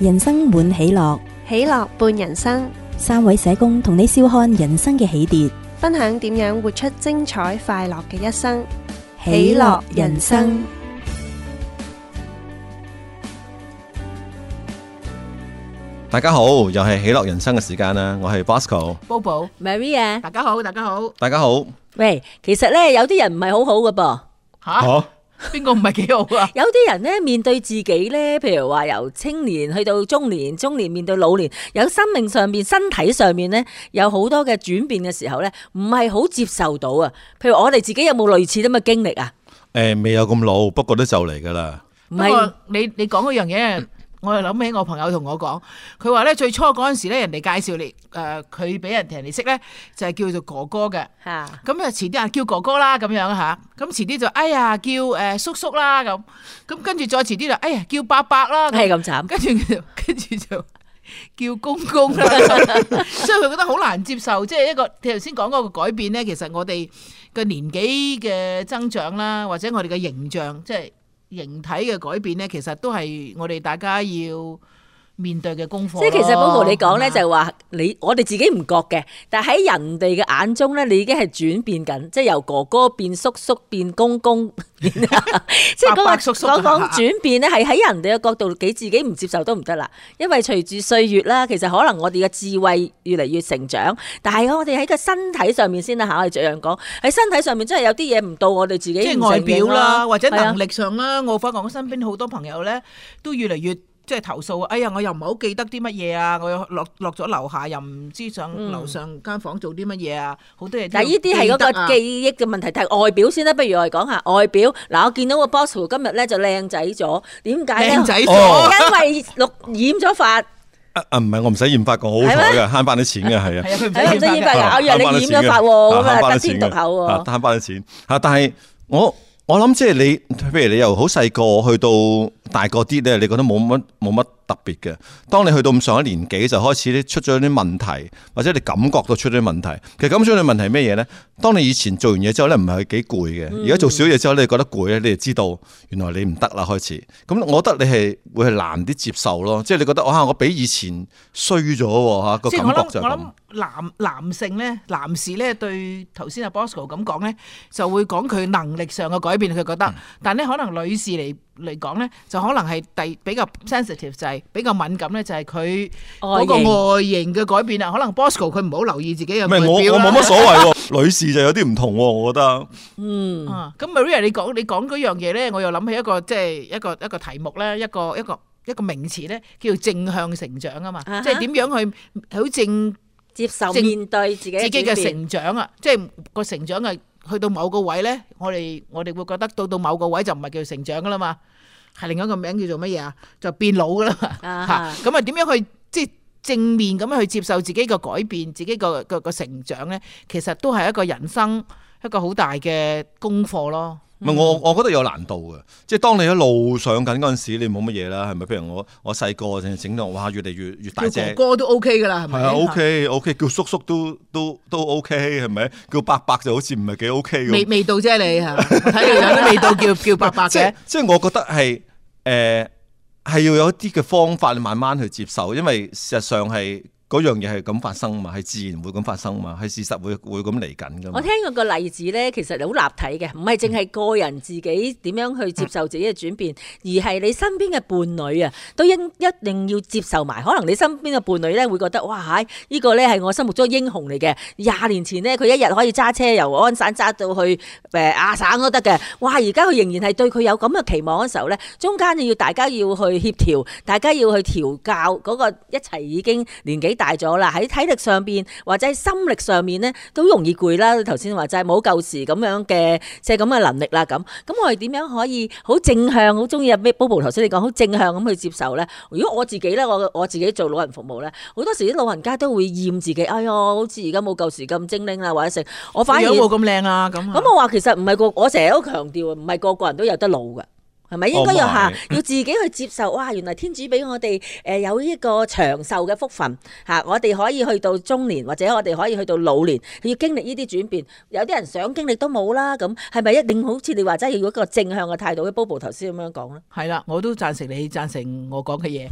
人生滿喜樂，喜樂伴人生。三位社工同你笑看人生嘅起跌，分享點樣活出精彩快樂嘅一生。喜樂人生，大家好，又係喜樂人生嘅時間啦！我係 Bosco，Bobo，Maria。大家好，大家好，大家好。喂，其實呢，有啲人唔係好好嘅噃。吓？邊個唔係幾好啊？ 有啲人咧，面對自己咧，譬如話，由青年去到中年，中年面對老年，有生命上面、身體上面咧，有好多嘅轉變嘅時候咧，唔係好接受到啊。譬如我哋自己有冇類似咁嘅經歷啊？誒、呃，未有咁老，不過都就嚟噶啦。唔係，你你講嗰樣嘢。嗯我又諗起我朋友同我講，佢話咧最初嗰陣時咧，人哋介紹你誒，佢、呃、俾人同人哋識咧，就係、是、叫做哥哥嘅。吓咁啊，遲啲啊叫哥哥啦咁樣吓，咁遲啲就哎呀叫誒叔叔啦咁，咁跟住再遲啲就哎呀叫伯伯啦，係咁慘。跟住跟住就叫公公啦， 所以佢覺得好難接受。即、就、係、是、一個你頭先講嗰個改變咧，其實我哋嘅年紀嘅增長啦，或者我哋嘅形象，即係。形體嘅改變呢，其實都係我哋大家要面對嘅功課，即係其實包括你講咧，就話你我哋自己唔覺嘅，是的 但係喺人哋嘅眼中咧，你已經係轉變緊，即係由哥哥變叔叔變公公，即係講講講講轉變咧，係喺人哋嘅角度，你自己唔接受都唔得啦。因為隨住歲月啦，其實可能我哋嘅智慧越嚟越成長，但係我哋喺個身體上面先啦嚇，我哋咁樣講喺身體上面真係有啲嘢唔到我哋自己，即係外表啦，或者能力上啦，是的 我發覺我身邊好多朋友咧都越嚟越。即係投訴啊！哎呀，我又唔係好記得啲乜嘢啊！我又落落咗樓下，又唔知上樓上間房做啲乜嘢啊！好多嘢。但係依啲係嗰個記憶嘅問題，睇外表先啦。不如我哋講下外表。嗱，我見到個 boss 今日咧就靚仔咗，點解咧？靚仔咗，因為錄染咗髮。啊啊，唔係我唔使染髮噶，我好彩噶，慳翻啲錢噶，係啊。係啊，唔使染髮。我讓你染咗髮，咁啊慳翻啲錢入口。啊，慳翻啲錢。啊，但係我。我諗即係你，譬如你由好細個，去到大個啲咧，你覺得冇乜冇乜，特別嘅，當你去到咁上一年紀就開始咧出咗啲問題，或者你感覺到出咗啲問題。其實咁出嘅問題係咩嘢咧？當你以前做完嘢之後咧，唔係幾攰嘅，而家做少嘢之後你覺得攰咧，你就知道原來你唔得啦。開始咁，我覺得你係會係難啲接受咯。即係你覺得嚇、啊，我比以前衰咗嚇個感覺就係咁。我諗，男男性咧，男士咧對頭先阿 Bosco 咁講咧，就會講佢能力上嘅改變，佢覺得。但係咧，可能女士嚟嚟講咧，就可能係第比較 sensitive，就係比較敏感咧，就係佢嗰個外形嘅改變啊。形可能 Bosco 佢唔好留意自己嘅。唔係，我我冇乜所謂喎。 女士就有啲唔同喎，我覺得。嗯，咁、啊、Maria 你講你講嗰樣嘢咧，我又諗起一個即係一個一個題目咧，一個一個一個，一個名詞咧，叫正向成長啊嘛哈。即係點樣去好正接受面對自己正自己嘅成長啊？即係個成長啊！去到某個位呢，我哋我哋會覺得到到某個位就唔係叫成長㗎喇嘛，係另一個名叫做乜嘢啊？就變老㗎喇嘛。咁啊點樣去即係正面咁樣去接受自己個改變，自己個個成長呢？其實都係一個人生一個好大嘅功課咯。唔，我我覺得有難度嘅，即係當你一路上緊嗰陣時，你冇乜嘢啦，係咪？譬如我我細個淨係整到，哇！越嚟越越大隻，叫哥哥都 OK 嘅啦，係咪？係啊，OK OK，叫叔叔都都都 OK 係咪？叫伯伯就好似唔係幾 OK 嘅，味味道啫你嚇，睇嚟有啲味道叫 叫，叫伯伯啫。即係我覺得係誒，係、呃、要有一啲嘅方法，你慢慢去接受，因為事實上係。嗰樣嘢係咁發生嘛，係自然會咁發生嘛，係事實會會咁嚟緊噶。我聽過個例子咧，其實好立體嘅，唔係淨係個人自己點樣去接受自己嘅轉變，嗯、而係你身邊嘅伴侶啊，都應一定要接受埋。可能你身邊嘅伴侶咧會覺得哇，呢、這、依個咧係我心目中英雄嚟嘅。廿年前呢，佢一日可以揸車由安省揸到去誒亞省都得嘅。哇，而家佢仍然係對佢有咁嘅期望嘅時候咧，中間就要大家要去協調，大家要去調教嗰、那個一齊已經年紀大咗啦，喺體力上邊或者喺心力上面咧，都容易攰啦。你頭先話就係冇舊時咁樣嘅即係咁嘅能力啦。咁咁我哋點樣可以好正向，好中意啊？咩？Bobo 頭先你講好正向咁去接受咧？如果我自己咧，我我自己做老人服務咧，好多時啲老人家都會厭自己。哎呀，好似而家冇舊時咁精靈啦，或者剩我反而而家冇咁靚啦。咁咁、啊、我話其實唔係個，我成日都強調唔係個個人都有得老噶。係咪應該要吓，要自己去接受？哇！原來天主俾我哋誒、呃、有呢個長壽嘅福分吓、啊，我哋可以去到中年，或者我哋可以去到老年，要經歷呢啲轉變。有啲人想經歷都冇啦，咁係咪一定好似你話齋要一個正向嘅態度，喺 Bobo 頭先咁樣講咧，係啦，我都贊成你，贊成我講嘅嘢。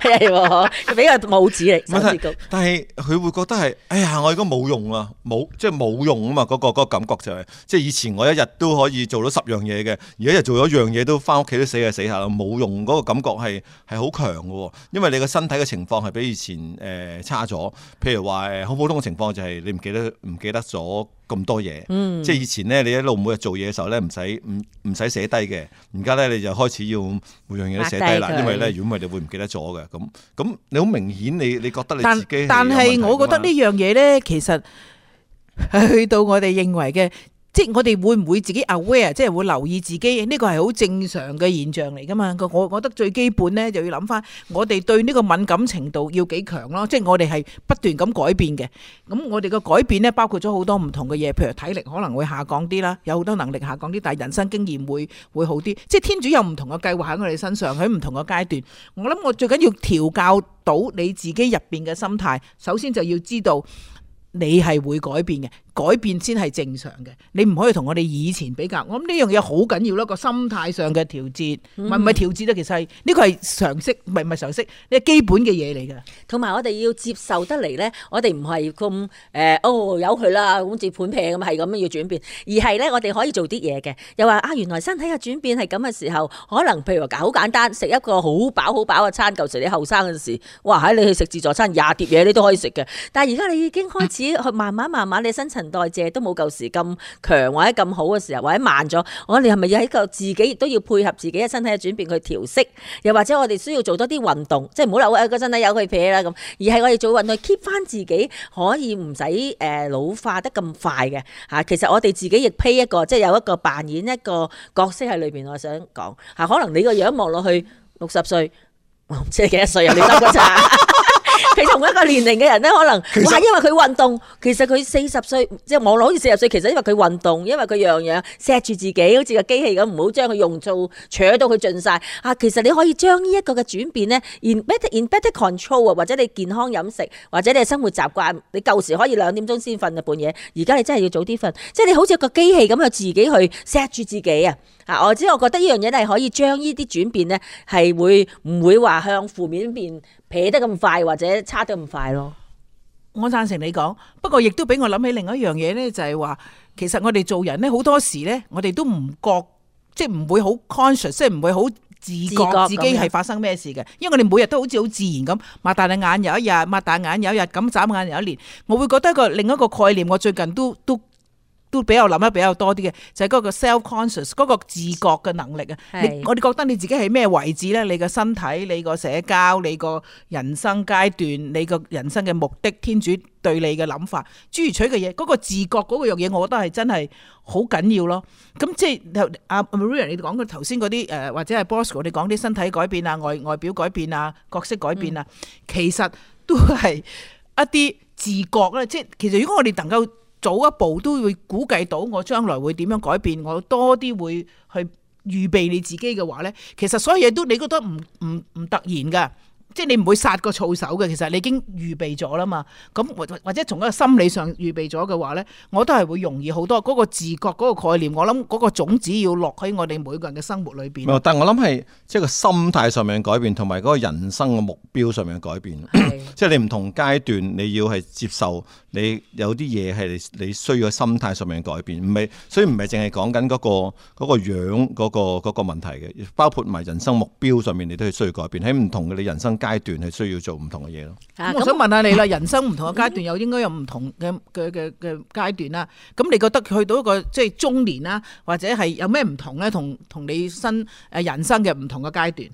係喎，佢比較冇指嚟。但係，佢會覺得係，哎呀，我而家冇用啦，冇即係冇用啊嘛。嗰、嗰個嗰個嗰個感覺就係、係，即係以前我一日都可以做到十樣嘢嘅，而家一日做咗一樣嘢都返屋企都死下死下啦，冇用嗰個感覺係係好強嘅喎。因為你個身體嘅情況係比以前誒、呃、差咗。譬如話誒，好、呃、普通嘅情況就係你唔記得唔記得咗。咁多嘢，嗯、即係以前咧，你一路每日做嘢嘅時候咧，唔使唔唔使寫低嘅，而家咧你就開始要每樣嘢都寫低啦，因為咧，如果唔係你會唔記得咗嘅。咁咁你好明顯，你你覺得你自己，但但係我覺得呢樣嘢咧，其實 去到我哋認為嘅。即係我哋會唔會自己 aware，即係會留意自己？呢個係好正常嘅現象嚟噶嘛。我我覺得最基本呢，就要諗翻我哋對呢個敏感程度要幾強咯。即係我哋係不斷咁改變嘅。咁我哋嘅改變咧，包括咗好多唔同嘅嘢，譬如體力可能會下降啲啦，有好多能力下降啲，但係人生經驗會會好啲。即係天主有唔同嘅計劃喺我哋身上，喺唔同嘅階段。我諗我最緊要調教到你自己入邊嘅心態，首先就要知道你係會改變嘅。改變先係正常嘅，你唔可以同我哋以前比較。我諗呢樣嘢好緊要咯，個心態上嘅調節，唔係唔係調節咧，其實係呢個係常識，唔係唔係常識，呢係基本嘅嘢嚟㗎。同埋我哋要接受得嚟咧，我哋唔係咁誒，哦由佢啦，好似盤平咁係咁樣要轉變，而係咧我哋可以做啲嘢嘅。又話啊，原來身體嘅轉變係咁嘅時候，可能譬如話好簡單，食一個好飽好飽嘅餐。舊時你後生嗰陣時，哇喺你去食自助餐廿碟嘢你都可以食嘅，但係而家你已經開始去慢慢慢慢 你身層。代謝都冇舊時咁強，或者咁好嘅時候，或者慢咗，我哋係咪要喺個自己亦都要配合自己嘅身體嘅轉變去調適？又或者我哋需要做多啲運動，即係唔好話誒嗰陣啊有佢撇啦咁，而係我哋做運動 keep 翻自己可以唔使誒老化得咁快嘅吓。其實我哋自己亦披一個，即係有一個扮演一個角色喺裏邊。我想講吓，可能你個樣望落去六十歲，即唔知幾多歲有你飲過茶？同一個年齡嘅人咧，可能，哇實！因為佢運動，其實佢四十歲，即係網絡好似四十歲，其實因為佢運動，因為佢樣樣錫住自己，好似個機器咁，唔好將佢用做，扯到佢盡曬。啊，其實你可以將呢一個嘅轉變咧，in better control 啊，或者你健康飲食，或者你生活習慣，你舊時可以兩點鐘先瞓啊半夜，而家你真係要早啲瞓，即係你好似個機器咁去自己去錫住自己啊！啊，我只我覺得呢樣嘢係可以將呢啲轉變咧，係會唔會話向負面變？撇得咁快或者差得咁快咯，我贊成你講，不過亦都俾我諗起另一樣嘢呢，就係話，其實我哋做人呢，好多時呢，我哋都唔覺，即係唔會好 conscious，即係唔會好自覺自己係發生咩事嘅，因為我哋每日都好似好自然咁，擘大眼有一日，擘大眼有一日，咁眨眼有一年，我會覺得一個另一個概念，我最近都都。都比較諗得比較多啲嘅，就係、是、嗰個 self-conscious 嗰個自覺嘅能力啊是！我哋覺得你自己係咩位置咧？你個身體、你個社交、你個人生階段、你個人生嘅目的，天主對你嘅諗法、諸如此類嘅嘢，嗰、那個自覺嗰、那個樣嘢，我覺得係真係好緊要咯。咁即係阿、啊、Maria 你講嘅頭先嗰啲誒，或者係 Bosco 你講啲身體改變啊、外外表改變啊、角色改變啊，嗯、其實都係一啲自覺啦。即係其實如果我哋能夠。早一步都會估計到我將來會點樣改變，我多啲會去預備你自己嘅話呢，其實所有嘢都你覺得唔唔唔突然嘅，即係你唔會殺個措手嘅。其實你已經預備咗啦嘛。咁或或者從一個心理上預備咗嘅話呢，我都係會容易好多。嗰個自覺嗰個概念，我諗嗰個種子要落喺我哋每個人嘅生活裏邊。但係我諗係即係個心態上面改變，同埋嗰個人生嘅目標上面嘅改變。即係你唔同階段，你要係接受。你有啲嘢係你你需要心態上面改變，唔係，所以唔係淨係講緊嗰個嗰個樣嗰個嗰個問題嘅，包括埋人生目標上面你都係需要改變，喺唔同嘅你人生階段係需要做唔同嘅嘢咯。啊、我想問下你啦， 人生唔同嘅階段又應該有唔同嘅嘅嘅嘅階段啦。咁你覺得去到一個即係中年啦，或者係有咩唔同咧？同同你新誒人生嘅唔同嘅階段。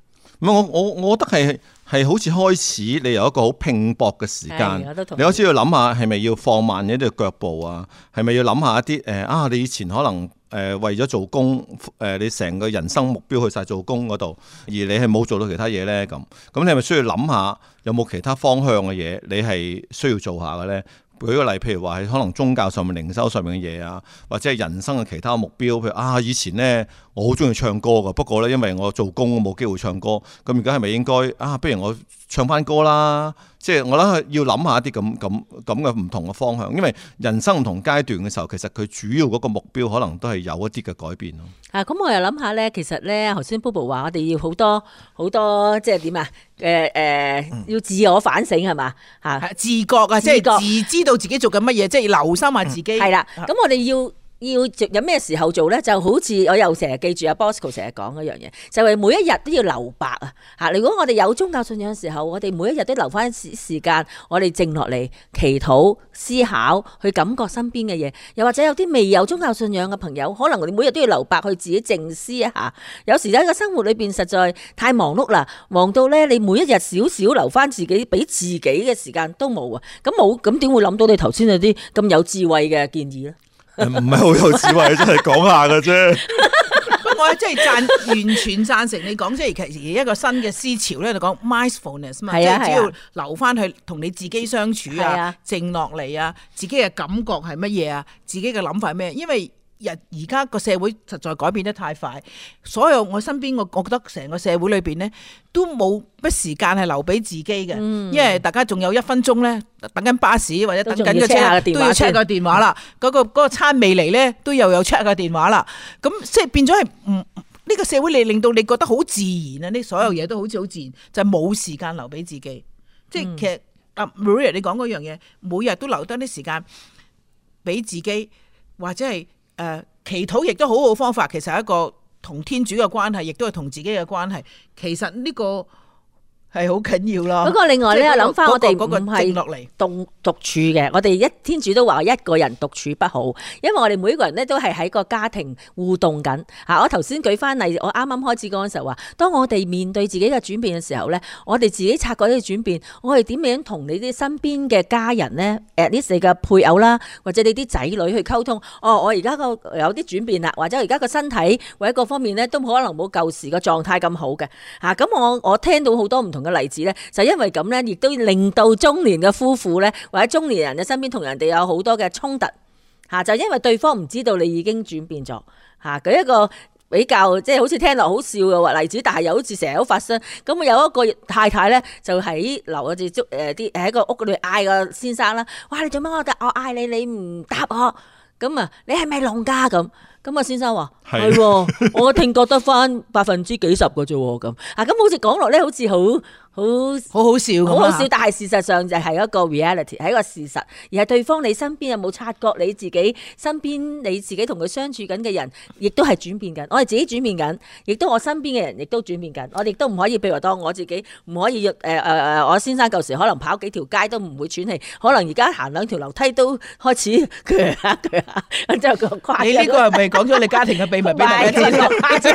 唔，我我我覺得係係好似開始，你有一個好拼搏嘅時間，你開始要諗下係咪要放慢一啲腳步啊？係咪要諗下一啲誒啊？你以前可能誒、呃、為咗做工誒、呃，你成個人生目標去晒做工嗰度，而你係冇做到其他嘢咧咁，咁你係咪需要諗下有冇其他方向嘅嘢你係需要做下嘅咧？舉個例，譬如話係可能宗教上面、靈修上面嘅嘢啊，或者係人生嘅其他目標。譬如啊，以前咧我好鍾意唱歌噶，不過咧因為我做工冇機會唱歌，咁而家係咪應該啊？不如我唱返歌啦。即係我諗要諗下一啲咁咁咁嘅唔同嘅方向，因為人生唔同階段嘅時候，其實佢主要嗰個目標可能都係有一啲嘅改變咯。啊，咁我又諗下咧，其實咧頭先 BoBo 話我哋要好多好多，即係點啊？誒、呃、誒，要自我反省係嘛？嚇、嗯，自覺啊，即係自知道自己做緊乜嘢，即係要留心下自己。係啦、嗯，咁我哋要。要有咩時候做呢？就好似我又成日記住阿 Bosco 成日講一樣嘢，就係、是、每一日都要留白啊！吓，如果我哋有宗教信仰嘅時候，我哋每一日都留翻時時間，我哋靜落嚟祈禱、思考，去感覺身邊嘅嘢。又或者有啲未有宗教信仰嘅朋友，可能我哋每日都要留白去自己靜思一下。有時喺個生活裏邊實在太忙碌啦，忙到呢，你每一日少少留翻自己俾自己嘅時間都冇啊！咁冇咁點會諗到你頭先嗰啲咁有智慧嘅建議呢？唔係好有智慧，真係講下嘅啫。不過我真係讚，完全贊成你講，即係其實一個新嘅思潮咧，就講 mindfulness 嘛，啊，即係只要留翻去同你自己相處啊，靜落嚟啊，自己嘅感覺係乜嘢啊，自己嘅諗法係咩？因為，日而家個社會實在改變得太快，所有我身邊個，我覺得成個社會裏邊咧都冇乜時間係留俾自己嘅，嗯、因為大家仲有一分鐘咧等緊巴士或者等緊個車都要，都要 check 個電話啦。嗰、嗯嗰個嗰個餐未嚟咧 都又有 check 個電話啦。咁即係變咗係唔呢個社會你令到你覺得好自然啊？呢、嗯、所有嘢都好似好自然，就係、是、冇時間留俾自己。即係、嗯、其實阿 Maria 你講嗰樣嘢，每日都留多啲時間俾自己或者係。祈禱亦都好好方法，其實係一個同天主嘅關係，亦都係同自己嘅關係，其實呢個。係好緊要咯。不過另外咧，諗翻、那個、我哋唔係落嚟獨處嘅。那個那個、我哋一天主都話一個人獨處不好，因為我哋每個人咧都係喺個家庭互動緊。嚇，我頭先舉翻例，我啱啱開始講嘅時候話，當我哋面對自己嘅轉變嘅時候咧，我哋自己察覺呢個轉變，我哋點樣同你啲身邊嘅家人咧，誒呢四個配偶啦，或者你啲仔女去溝通。哦，我而家個有啲轉變啦，或者我而家個身體或者各方面咧都可能冇舊時個狀態咁好嘅。嚇、啊，咁我我聽到好多唔同。個例子咧，就因為咁咧，亦都令到中年嘅夫婦咧，或者中年人嘅身邊同人哋有好多嘅衝突吓，就因為對方唔知道你已經轉變咗吓。舉、啊、一個比較即係、就是、好似聽落好笑嘅例子，但係又好似成日都發生。咁啊，有一個太太咧就喺留我住誒，啲、呃、喺個屋嗰度嗌個先生啦。哇！你做乜我叫我嗌你，你唔答我咁啊？你係咪聾㗎咁？咁啊，先生話係喎，我聽覺得翻百分之幾十嘅啫喎，咁啊，咁好似講落咧，好似好。好好好笑好好笑，但係事實上就係一個 reality，係一個事實。而係對方你身邊有冇察覺你自己身邊你自己同佢相處緊嘅人，亦都係轉變緊。我哋自己轉變緊，亦都我身邊嘅人亦都轉變緊。我哋亦都唔可以譬如當我自己唔可以約誒誒我先生舊時可能跑幾條街都唔會喘氣，可能而家行兩條樓梯都開始攰下攰下。你呢個係咪講咗你家庭嘅秘密俾大家知？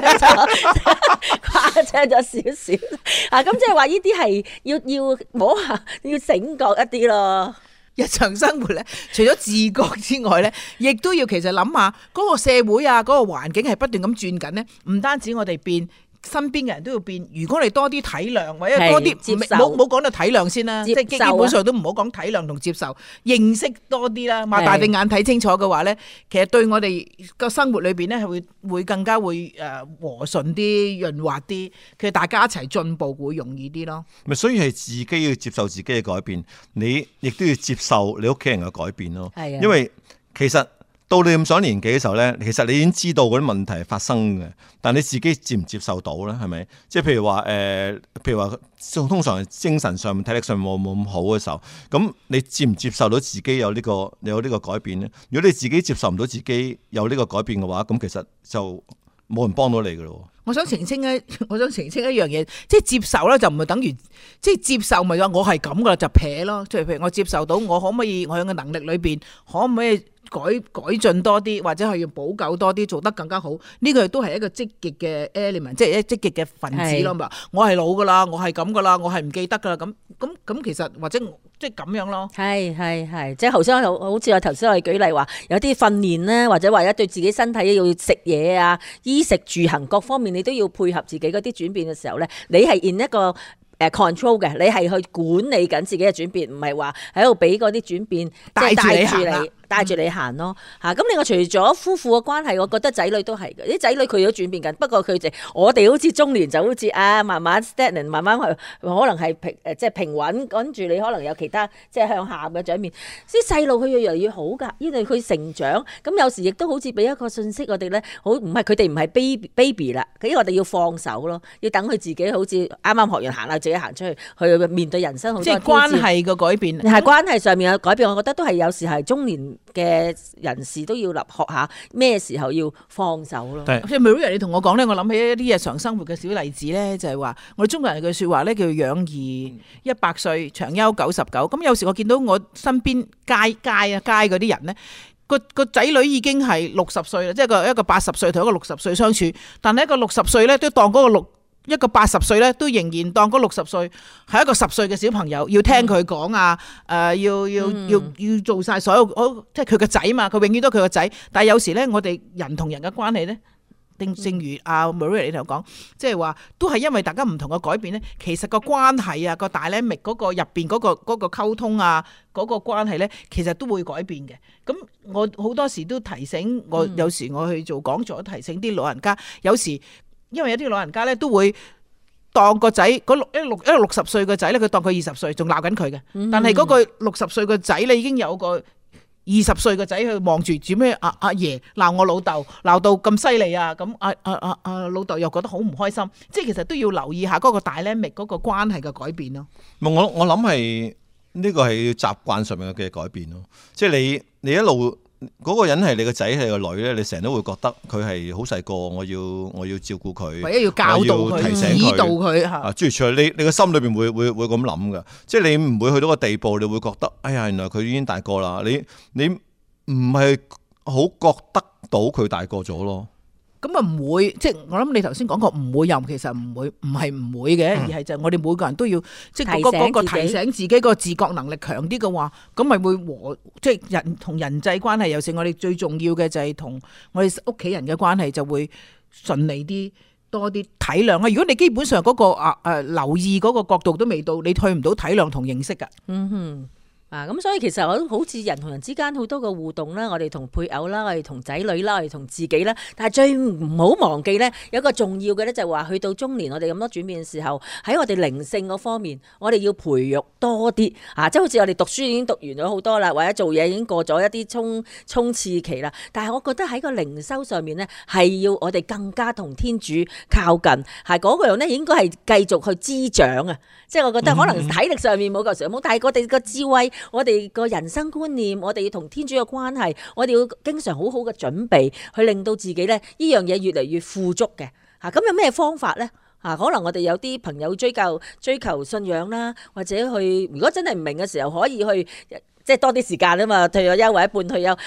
誇張咗少少啊！咁即係話呢？啲係要要摸下，要醒覺一啲咯。日常生活咧，除咗自覺之外咧，亦都要其實諗下嗰個社會啊，嗰個環境係不斷咁轉緊咧，唔單止我哋變。身邊嘅人都要變，如果你多啲體諒或者多啲，冇冇講到體諒先啦，即係基本上都唔好講體諒同接受，認識多啲啦，擘大對眼睇清楚嘅話咧，其實對我哋個生活裏邊咧係會會更加會誒和順啲、潤滑啲，其實大家一齊進步會容易啲咯。咪所以係自己要接受自己嘅改變，你亦都要接受你屋企人嘅改變咯。係啊，因為其實。到你咁上年紀嘅時候咧，其實你已經知道嗰啲問題係發生嘅，但你自己接唔接受到咧？係咪？即係譬如話誒、呃，譬如話，通常精神上面、體力上面冇冇咁好嘅時候，咁你接唔接受到自己有呢、呢個有呢個改變咧？如果你自己接受唔到自己有呢個改變嘅話，咁其實就冇人幫到你噶咯。我想澄清一，我想澄清一樣嘢，即係接受咧，就唔係等於即係接受咪？我係咁噶啦，就撇咯。即係譬如我接受到，我可唔可以？我有個能力裏邊，可唔可以？改改進多啲，或者係要補救多啲，做得更加好。呢個都係一個積極嘅 element，即係一積極嘅分子咯。咪話我係老噶啦，我係咁噶啦，我係唔記得噶啦。咁咁咁，其實或者即係咁樣咯。係係係，即係頭先好似我頭先我哋舉例話，有啲訓練咧，或者、或者、一或者對自己身體要食嘢啊，衣食住行各方面，你都要配合自己嗰啲轉變嘅時候咧，你係 in 一個誒 control 嘅，你係去管理緊自己嘅轉變，唔係話喺度俾嗰啲轉變帶住你。帶住你行咯吓，咁另外除咗夫婦嘅關係，我覺得仔女都係嘅，啲仔女佢都轉變緊，不過佢哋，就是，我哋好似中年就好似啊，慢慢 steady，慢慢去可能係平即係，就是、平穩，跟住你可能有其他即係，就是、向下嘅長面。啲細路佢越嚟越好㗎，因為佢成長，咁有時亦都好似俾一個信息我哋咧，好唔係佢哋唔係 baby baby 啦，因為我哋要放手咯，要等佢自己好似啱啱學完行啦，自己行出去去面對人生好多。即係關係嘅改變，係關係上面嘅改變，嗯、我覺得都係有時係中年。嘅人士都要立學下咩時候要放手咯。即係 Maria 你同我講呢，我諗起一啲日常生活嘅小例子呢，就係話我哋中國人有句說話咧，叫養兒一百歲，長憂九十九。咁有時我見到我身邊街街啊街嗰啲人呢，個個仔女已經係六十歲啦，即係個一個八十歲同一個六十歲相處，但係一個六十歲呢，都當嗰個六。一個八十歲咧，都仍然當嗰六十歲係一個十歲嘅小朋友，要聽佢講啊！誒，要要要要做晒所有，即係佢個仔嘛，佢永遠都係佢個仔。但係有時咧，我哋人同人嘅關係咧，正正如阿 Maria 你頭講，即係話都係因為大家唔同嘅改變咧，其實個關係啊，個大咧密嗰個入邊嗰個嗰個溝通啊，嗰個關係咧，其實都會改變嘅。咁我好多時都提醒我，有時我去做講座，提醒啲老人家，有時。因為有啲老人家咧，都會當個仔，嗰六一六一六十歲個仔咧，佢當佢二十歲，仲鬧緊佢嘅。但係嗰個六十歲個仔咧，已經有個二十歲個仔去望住，做咩？阿阿爺鬧我老豆，鬧到咁犀利啊！咁阿阿阿阿老豆又覺得好唔開心。即係其實都要留意下嗰個 dynamic 嗰個關係嘅改變咯。唔，我我諗係呢個係習慣上面嘅改變咯。即係你你一路。.嗰個人係你個仔係個女咧，你成日都會覺得佢係好細個，我要我要照顧佢，或者要教導要提醒佢、啊，即係除你，你個心裏邊會會會咁諗㗎，即係你唔會去到個地步，你會覺得，哎呀，原來佢已經大個啦，你你唔係好覺得到佢大個咗咯。咁啊，唔會即係、就是、我諗你頭先講過唔會有，其實唔會唔係唔會嘅，嗯、而係就是我哋每個人都要即係嗰個嗰提醒自己個自，自覺能力強啲嘅話，咁咪會和即係、就是、人同人際關係，尤其我哋最重要嘅就係同我哋屋企人嘅關係就會順利啲多啲體諒啦。如果你基本上嗰、那個啊誒、呃呃、留意嗰個角度都未到，你退唔到體諒同認識嘅，嗯哼。啊，咁所以其實我好似人同人之間好多嘅互動啦，我哋同配偶啦，我哋同仔女啦，我哋同自己啦。但係最唔好忘記咧，有一個重要嘅咧就係話，去到中年我哋咁多轉變嘅時候，喺我哋靈性嗰方面，我哋要培育多啲啊！即係好似我哋讀書已經讀完咗好多啦，或者做嘢已經過咗一啲衝衝刺期啦。但係我覺得喺個靈修上面咧，係要我哋更加同天主靠近，係嗰樣咧應該係繼續去滋長啊！即係我覺得可能體力上面冇咁上冇，mm hmm. 但係我哋個智慧。我哋個人生觀念，我哋要同天主嘅關係，我哋要經常好好嘅準備，去令到自己咧呢樣嘢越嚟越富足嘅。嚇、啊，咁有咩方法咧？嚇、啊，可能我哋有啲朋友追究追求信仰啦，或者去如果真係唔明嘅時候，可以去即係多啲時間啊嘛，退咗休或者半退休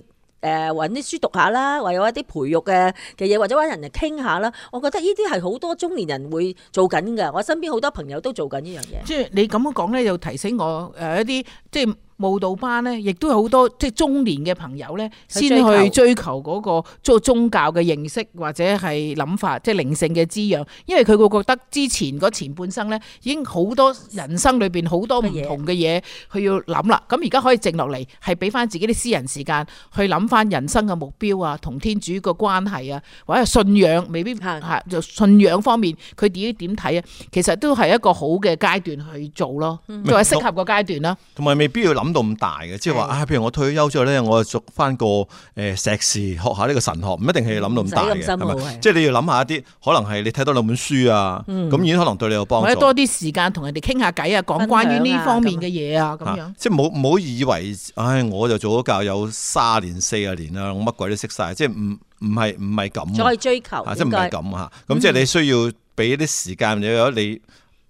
去。.誒揾啲書讀下啦，或有一啲培育嘅嘅嘢，或者揾人哋傾下啦。我覺得呢啲係好多中年人會做緊嘅。我身邊好多朋友都做緊呢樣嘢。即係你咁樣講咧，又提醒我誒一啲即係。舞蹈班咧，亦都好多即係中年嘅朋友咧，先去追求嗰個宗教嘅認識或者係諗法，即係靈性嘅滋養，因為佢會覺得之前嗰前半生咧，已經好多人生裏邊好多唔同嘅嘢，佢要諗啦。咁而家可以靜落嚟，係俾翻自己啲私人時間去諗翻人生嘅目標啊，同天主個關係啊，或者信仰未必嚇就的信仰方面，佢自己點睇啊？其實都係一個好嘅階段去做咯，就係、嗯、適合個階段啦。同埋未必要諗。諗到咁大嘅，即係話的啊，譬如我退休之後咧，我就讀翻個誒碩、呃、士，學下呢個神學，唔一定係要諗到咁大嘅，係咪吧？的即係你要諗下一啲可能係你睇多兩本書啊，咁已經可能對你有幫助。多啲時間同人哋傾下偈啊，講關於呢方面嘅嘢啊，咁樣、啊啊。即係冇唔好以為，唉，我就做咗教友卅年、四十年啦，我乜鬼都識晒，即係唔唔係唔係咁。再、追求，即係唔係咁吓。咁即係你需要俾啲時間，又有你。嗯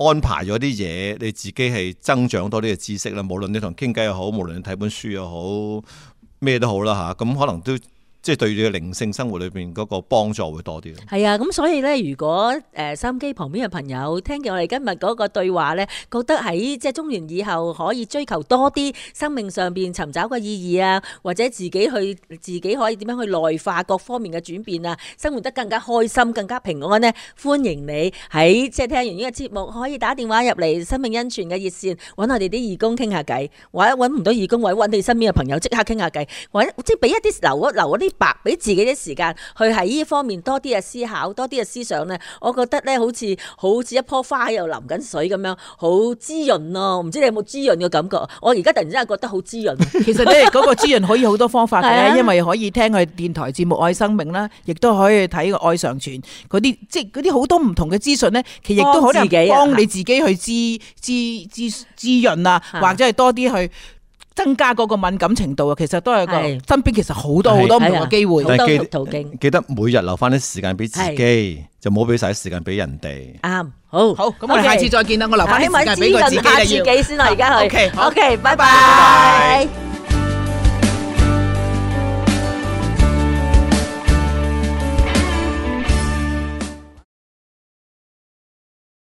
安排咗啲嘢，你自己係增長多啲嘅知識啦。無論你同傾偈又好，無論你睇本書又好，咩都好啦吓，咁可能都。即係對你嘅靈性生活裏邊嗰個幫助會多啲。係啊，咁所以咧，如果誒收音機旁邊嘅朋友聽見我哋今日嗰個對話咧，覺得喺即係中年以後可以追求多啲生命上邊尋找嘅意義啊，或者自己去自己可以點樣去內化各方面嘅轉變啊，生活得更加開心、更加平安咧，歡迎你喺即係聽完呢個節目，可以打電話入嚟生命恩泉嘅熱線，揾我哋啲義工傾下偈，或者揾唔到義工，或者揾你身邊嘅朋友即刻傾下偈，或者即係俾一啲留一留一啲。白俾自己啲時間，去喺呢方面多啲嘅思考，多啲嘅思想咧，我覺得咧好似好似一棵花喺度淋緊水咁樣，好滋潤咯，哦。唔知你有冇滋潤嘅感覺？我而家突然之間覺得好滋潤。 其實咧，嗰個滋潤可以好多方法嘅， 是啊，因為可以聽佢電台節目《愛生命》啦，亦都可以睇個《愛上傳》嗰啲，即係嗰啲好多唔同嘅資訊咧，其實亦都可以幫你自己去滋滋滋滋潤啊，或者係多啲去。增加嗰個敏感程度啊，其實都係個的身邊其實好多好多唔同嘅機會，好多途徑。記得每日留翻啲時間俾自己，的就冇俾晒啲時間俾人哋。啱，好，好，咁 okay, 我哋下次再見啦。我留翻啲時間俾自、啊、自己先啦，而家去。O K，O K，拜拜。Okay,